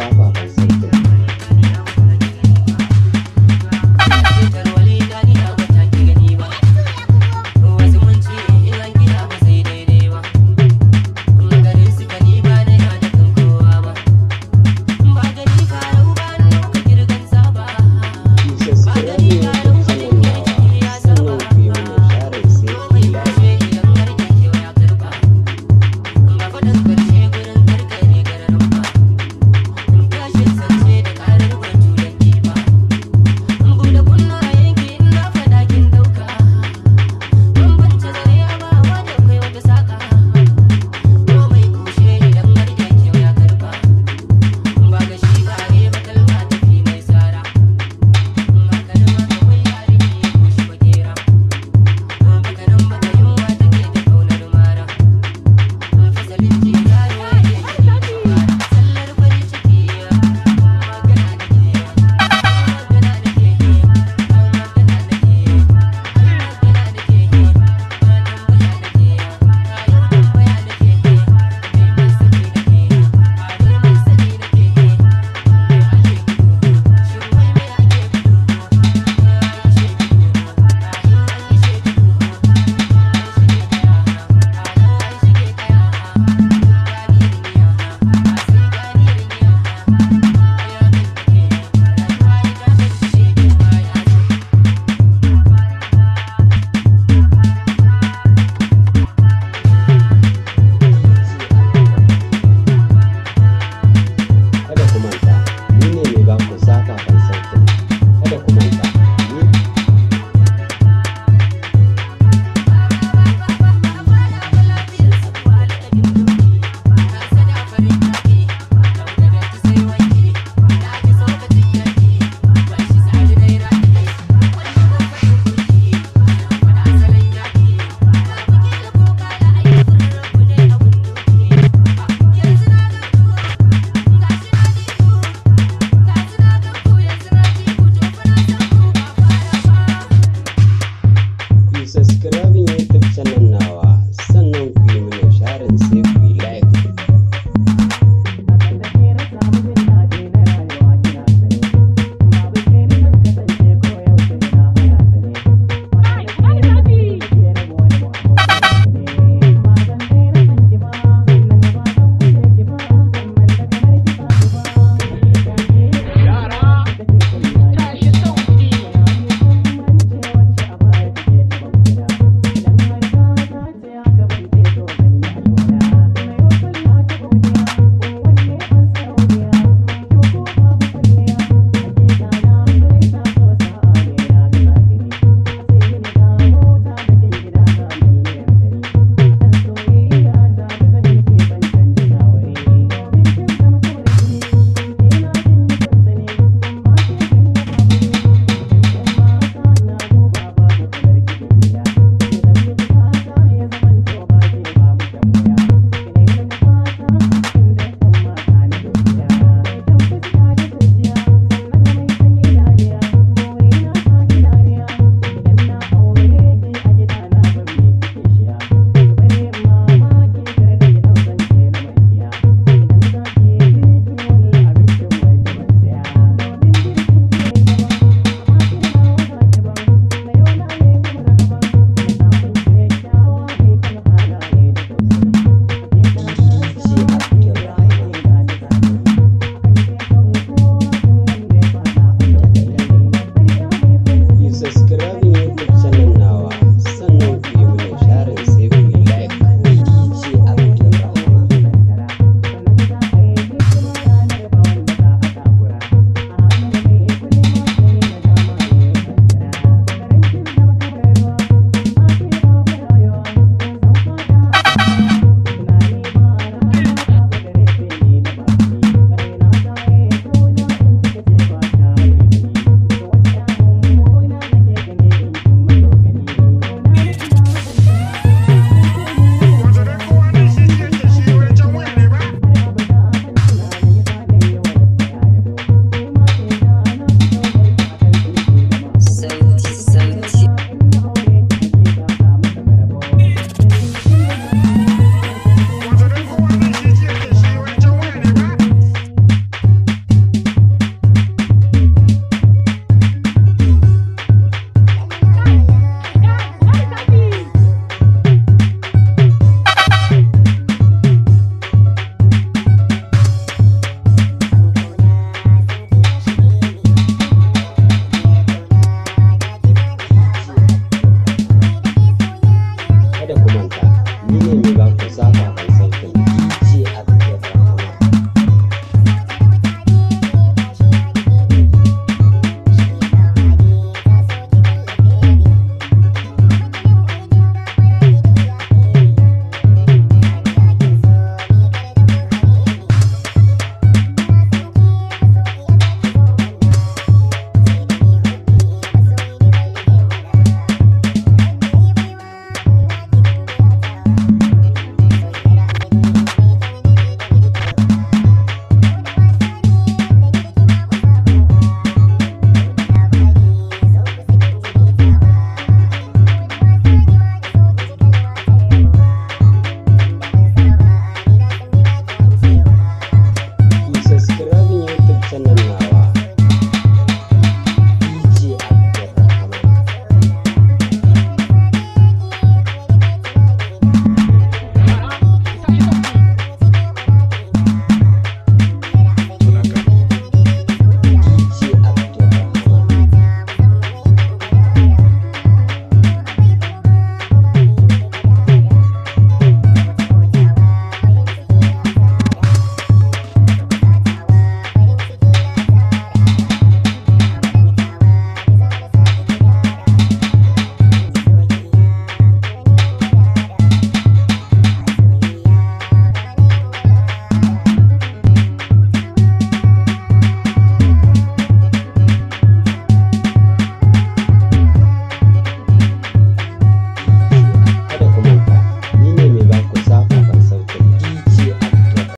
atenção. comandar.